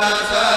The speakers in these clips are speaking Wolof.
sa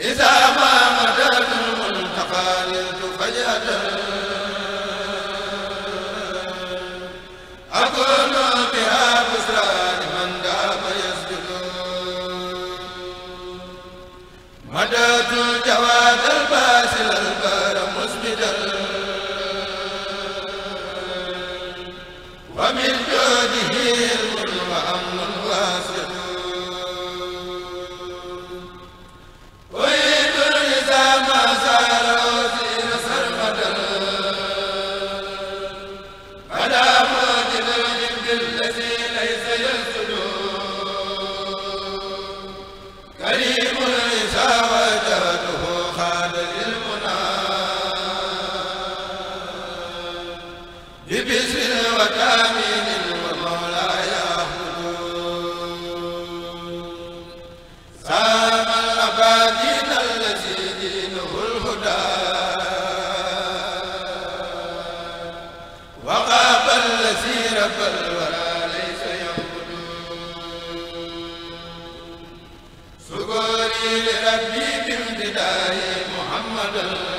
إذا ما مدد المنتقى نلت فجأة ada Muhammadan